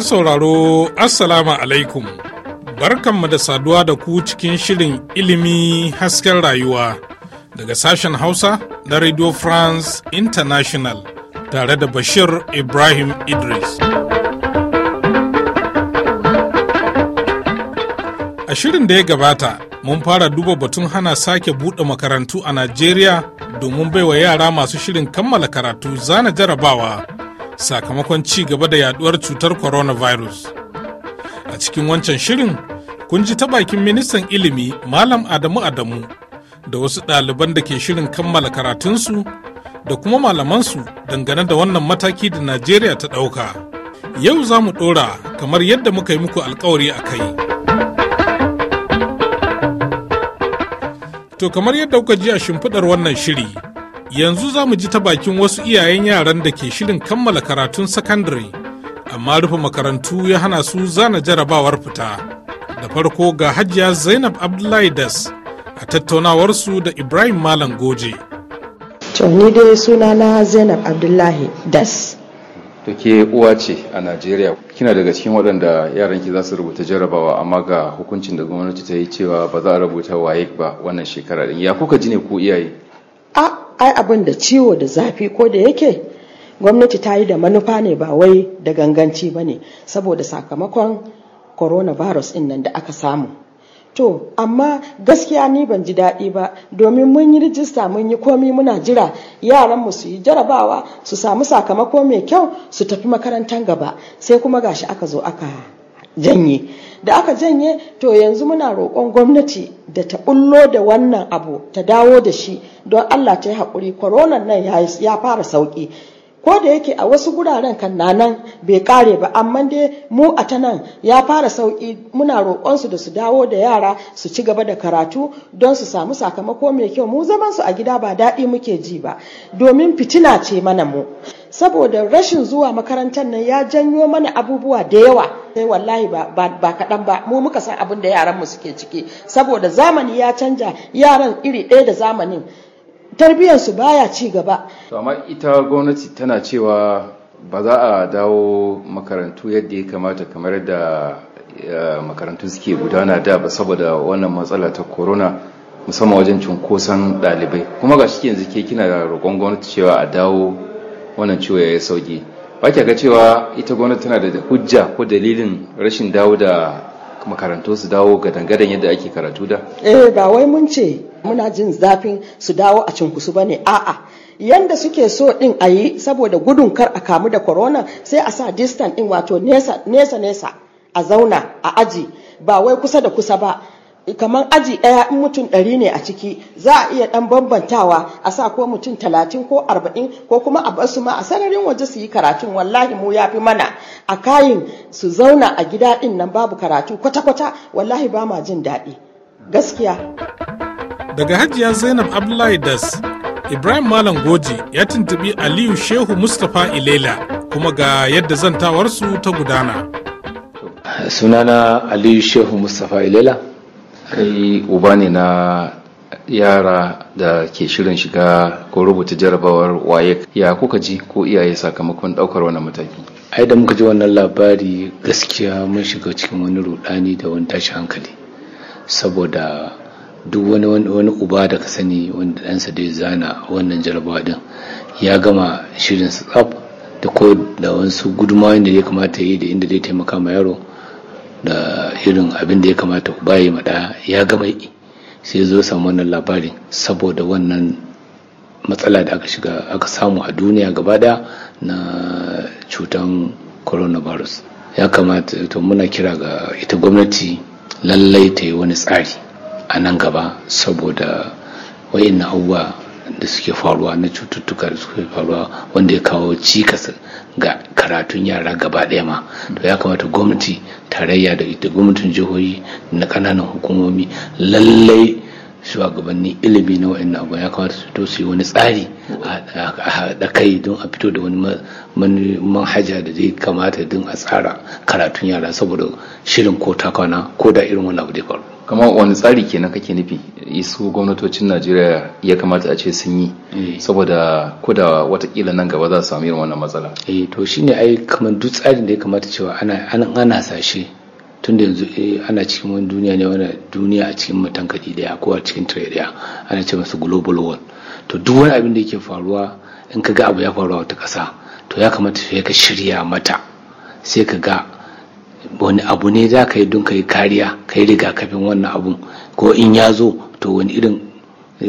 Masu sauraro Assalamu alaikum barkanmu da saduwa da ku cikin shirin ilimi hasken rayuwa daga sashen Hausa na Radio France International tare da Bashir Ibrahim Idris. A shirin da ya gabata mun fara duba batun hana sake buɗe makarantu a Najeriya domin baiwa yara masu shirin kammala karatu zana jarabawa. sakamakon ci gaba da yaduwar cutar coronavirus. A cikin wancan shirin, kun ji ta bakin ministan ilimi Malam Adamu Adamu da wasu ɗaliban da ke shirin kammala karatunsu da kuma malamansu dangane da wannan mataki da Najeriya ta ɗauka. Yau za mu ɗora kamar yadda muka yi muku alkawari a kai. To kamar yadda kuka ji a shimfiɗar wannan shiri, Yanzu za mu ji ta bakin wasu iyayen yaran da ke shirin kammala karatun sakandare, amma rufe makarantu ya hana su zana jarabawar fita. Da farko ga Hajiya Zainab Abdullahi Das a tattaunawarsu da Ibrahim Malam Goje. To ni dai sunana Zainab Abdullahi Das. To ke uwa ce a Najeriya kina daga cikin waɗanda yaranki za su rubuta jarabawa amma ga hukuncin da gwamnati ta yi cewa ba za a rubuta waye ba wannan shekara din ya kuka ji ne ku iyaye ai abin da ciwo da zafi ko da yake gwamnati ta yi da manufa ne ba wai da ganganci ba ne saboda sakamakon coronavirus din nan da aka samu to amma gaskiya ni ban ji daɗi ba domin mun yi rijista mun yi komi muna jira yaranmu su yi jarabawa su samu sakamako mai kyau su tafi makarantar gaba sai kuma gashi aka zo aka janye da aka janye to yanzu muna roƙon gwamnati da ta bullo da wannan abu ta dawo da shi don allah ta yi haƙuri koronan nan ya fara sauƙi ko da yake a wasu guraren kan nan bai kare ba amma dai mu a ta nan ya fara sauƙi muna roƙonsu da su dawo da yara su ci gaba da karatu don su samu sakamako mai kyau mu zaman su a gida ba daɗi muke ji ba domin fitina ce mana mu saboda rashin zuwa makarantar nan ya janyo mana abubuwa da yawa sai wallahi ba kaɗan ba mu muka san abin da yaran mu suke ciki saboda zamani ya canja yaran iri ɗaya da zamanin tarbiyyarsu baya ci gaba to amma ita gwamnati tana cewa ba za a dawo makarantu yadda ya kamata kamar da eh, makarantu suke gudana da ba saboda wannan matsala ta corona musamman wajen cunkoson ɗalibai kuma ga shi yanzu ke kina da roƙon gwamnati cewa a dawo wannan ciwo ya yi sauki ba ga cewa ita gwamnati tana da hujja ko dalilin rashin dawo da makarantu su dawo ga dangadan yadda ake karatu da? Eh ba wai mun ce muna jin zafin su dawo a cunkusu ba ne a'a yanda suke so din a yi saboda gudun kar a kamu da corona sai a sa distan din wato nesa nesa nesa a zauna a aji ba wai kusa da kusa ba kamar aji ɗaya in mutum ɗari ne a ciki za a iya ɗan bambantawa a sa ko mutum talatin ko arba'in ko kuma a basu ma a sararin waje su yi karatun wallahi mu ya fi mana a kayin su zauna a gida ɗin nan babu karatu kwata-kwata wallahi ba ma jin daɗi gaskiya. Daga Hajiya Zainab Abdullahi Das, Ibrahim Malam Goji ya tuntubi Aliyu Shehu Mustapha Ilela kuma ga yadda zantawarsu ta gudana. Sunana Aliyu Shehu Mustapha Ilela. kai uba ne na yara da ke shirin shiga ko rubuta jarabawar waye ya kuka ji ko iyaye sakamakon daukar wannan mataki ai da muka ji wannan labari gaskiya mun shiga cikin wani rudani da wani tashi hankali saboda duk wani wani uba da ka sani wanda ɗansa dai zana wannan jarabawa din ya gama shirin tsaf da ko da wasu gudunmawa da ya kamata yi da inda zai taimaka ma yaro da irin abin da ya kamata ku ya maɗa ya gama yi sai zo samu wannan labarin saboda wannan matsala da aka shiga aka samu a duniya gaba da na cutan coronavirus ya kamata to muna kira ga ita gwamnati lallai ta yi wani tsari a nan gaba saboda wayannan abubuwa da suke faruwa na cututtuka da suke faruwa wanda ya kawo cikas ga karatun yara gaba ɗaya ma to ya kamata gwamnati tarayya da ita gwamnatin jihohi na ƙananan hukumomi lallai shugabannin ilimi na wa'in abu ya kamata su to su yi wani tsari a haɗa kai don a fito da wani manhaja da zai kamata din a tsara karatun yara saboda shirin ko takwana ko da irin wani abu da faru kama wani tsari kenan kake nufi su gwamnatocin najeriya ya kamata a ce sun yi eh. saboda ko da watakila nan gaba za su sami irin wannan matsala eh to shine ai kamar duk tsarin da ya kamata cewa ana ana sashe tun da yanzu eh, ana cikin wani duniya ne wani duniya a cikin matankaɗi daya ko a cikin tire daya ana ce masu global world to duk wani abin da yake faruwa in ka ga abu ya faruwa wata ƙasa to ya kamata sai ka shirya mata sai ka ga wani abu ne za ka yi don ka yi kariya ka yi rigakafin wannan abun ko in ya zo to wani irin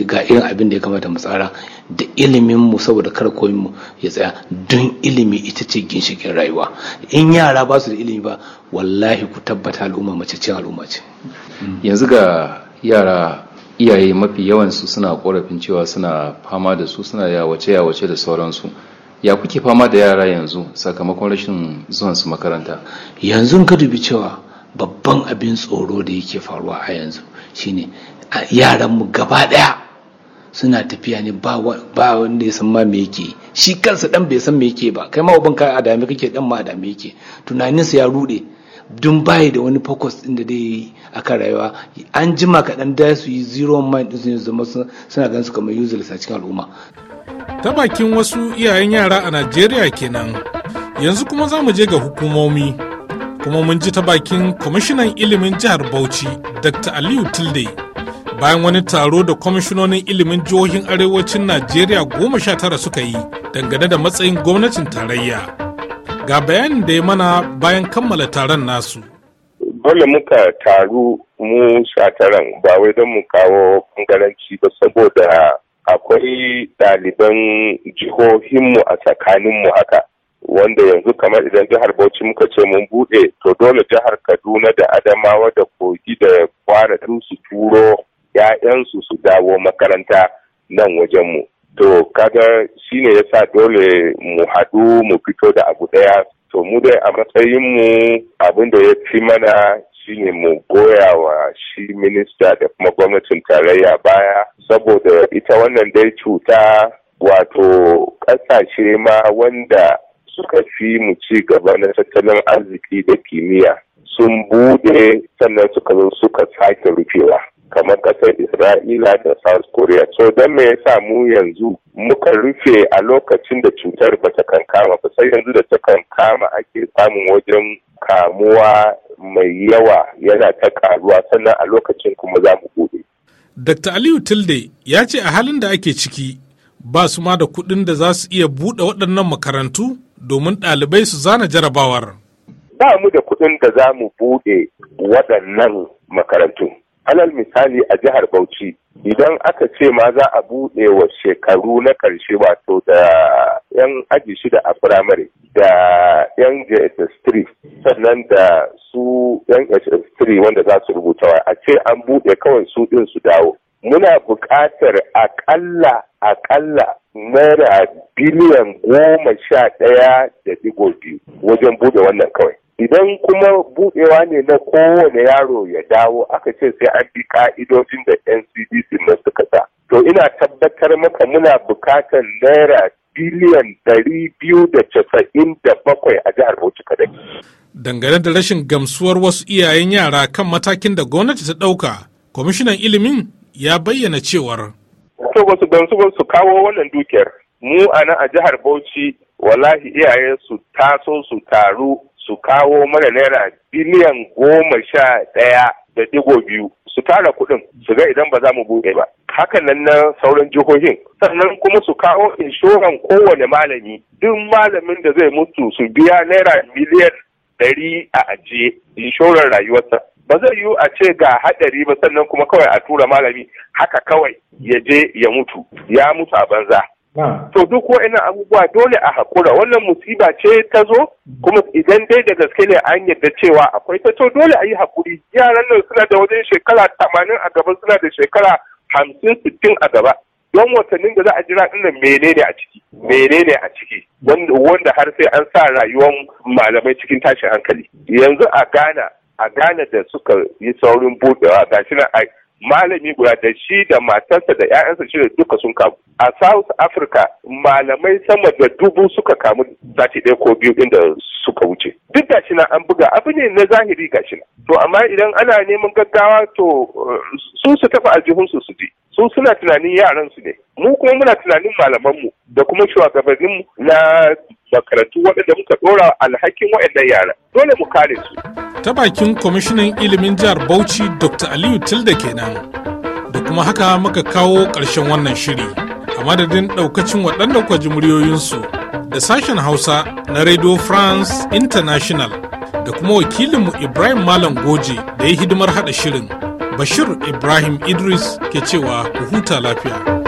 ga irin abin da ya kamata mu tsara da ilimin mu saboda kar koyin mu ya tsaya don ilimi ita ce ginshikin rayuwa in yara ba su da ilimi ba wallahi ku tabbata al'umma mace ce al'umma ce mm. yanzu ga yara iyaye mafi yawansu suna korafin cewa suna fama da su suna yawace yawace da sauransu ya kuke fama da yara yanzu sakamakon rashin zuwan su makaranta yanzu ka dubi cewa babban abin tsoro da yake faruwa a yanzu shine yaran mu gaba daya suna tafiya ne ba wanda ya san ma me yake shi kansa dan bai san me yake ba kai ma uban ka adami kake dan ma adami yake tunaninsa ya rude dun bayi da wani focus din da dai a kan rayuwa an jima kaɗan da su yi zero mind din su zama suna gan su kamar useless a cikin al'umma ta bakin wasu iyayen yara a najeriya kenan yanzu kuma za mu je ga hukumomi kuma mun ji ta bakin kwamishinan ilimin jihar bauchi dr aliyu tilde bayan wani taro da kwamishinonin ilimin jihohin arewacin najeriya goma sha tara suka yi dangane da matsayin gwamnatin tarayya ga bayanin da ya mana bayan kammala taron nasu dole muka taru mu sha taron ba wai don mu kawo ɓangaranci ba saboda akwai ɗaliban jihohinmu a tsakaninmu haka wanda yanzu kamar idan jihar Bauchi muka ce mun buɗe to dole jihar Kaduna da Adamawa da Kogi da Kwara tun su turo ‘ya'yansu su dawo makaranta nan wajenmu. To kaga shine yasa dole mu haɗu mu fito da abu ɗaya. To mu dai a matsayinmu abin da ya fi mana shine mu goya wa shi minista da kuma gwamnatin tarayya baya saboda ita wannan dai cuta wato ƙasashe ma wanda suka fi mu ci gaba na tattalin arziki da kimiyya sun bude sannan suka zo suka sake rufewa kamar ƙasar isra'ila da south korea so don me yasa mu yanzu muka rufe a lokacin da cutar ba ta kankama ba sai yanzu da ta kankama ake samun wajen kamuwa mai yawa yana ta karuwa sannan a lokacin kuma za mu Dr. Aliyu Tilde ya ce a halin da ake ciki ba su ma da kuɗin da za su iya buɗe waɗannan makarantu domin ɗalibai su zana jarabawar. Ba mu da kuɗin da za mu buɗe waɗannan makarantu. alal misali a jihar bauchi idan aka ce ma za a buɗe wa shekaru na karshe wato da yan aji shida a firamare da yan jss3 sannan da su yan jss3 wanda za su rubuta a ce an buɗe kawai su ɗin su dawo muna buƙatar aƙalla aƙalla naira biliyan goma sha ɗaya da digo biyu wajen buɗe wannan kawai idan kuma buɗewa ne na kowane yaro ya dawo aka ce sai an bi ka'idojin da ncdc na suka sa to ina tabbatar maka muna bukatar naira biliyan ɗari biyu da casa'in da bakwai a jihar bauchi kadai dangane da rashin gamsuwar wasu iyayen yara kan matakin da gwamnati ta ɗauka kwamishinan ilimin ya bayyana cewar to ba su gamsu ba su kawo wannan dukiyar mu a nan a jihar bauchi wallahi iyaye su taso su taru su kawo mana naira biliyan goma sha ɗaya da digo biyu su tara kuɗin su ga idan ba za mu buɗe ba hakan nan na sauran jihohin sannan kuma su kawo inshoran kowane malami duk malamin da zai mutu su biya naira miliyan ɗari a ajiye inshoran rayuwarsa ba zai yiwu a ce ga haɗari ba sannan kuma kawai a tura malami haka kawai ya je ya mutu ya mutu a banza To duk wa'annan abubuwa dole a haƙura wannan musiba ce ta zo kuma idan dai da gaske ne an yadda cewa akwai ta to dole a yi haƙuri yaran nan suna da wajen shekara tamanin a gaba suna da shekara hamsin sittin a gaba don watannin da za a jira ɗin menene a ciki menene a ciki wanda har sai an sa rayuwar malamai cikin tashin hankali yanzu a gana a gana da suka yi saurin buɗewa gashi nan malami guda da shi da matarsa da 'ya'yansa shi duka sun kamu a south africa malamai sama da dubu suka kamu sati ɗaya ko biyu inda suka wuce duk da shi na an buga abu ne na zahiri ga shi to amma idan ana neman gaggawa to su su tafi aljihunsu su ji, su suna tunanin yaran su ne mu kuma muna tunanin malamanmu da kuma shugabanninmu na makarantu waɗanda muka ɗora alhakin waɗannan yara dole mu kare su. Ta bakin kwamishinan ilimin jihar Bauchi Dr. Aliyu Tilda kenan da kuma haka muka kawo ƙarshen wannan shiri a madadin ɗaukacin waɗanda kwa muryoyinsu da sashen Hausa na Radio France International da kuma wakilinmu Ibrahim Malam Goje da ya hidimar haɗa shirin. Bashir Ibrahim Idris ke cewa ku huta lafiya.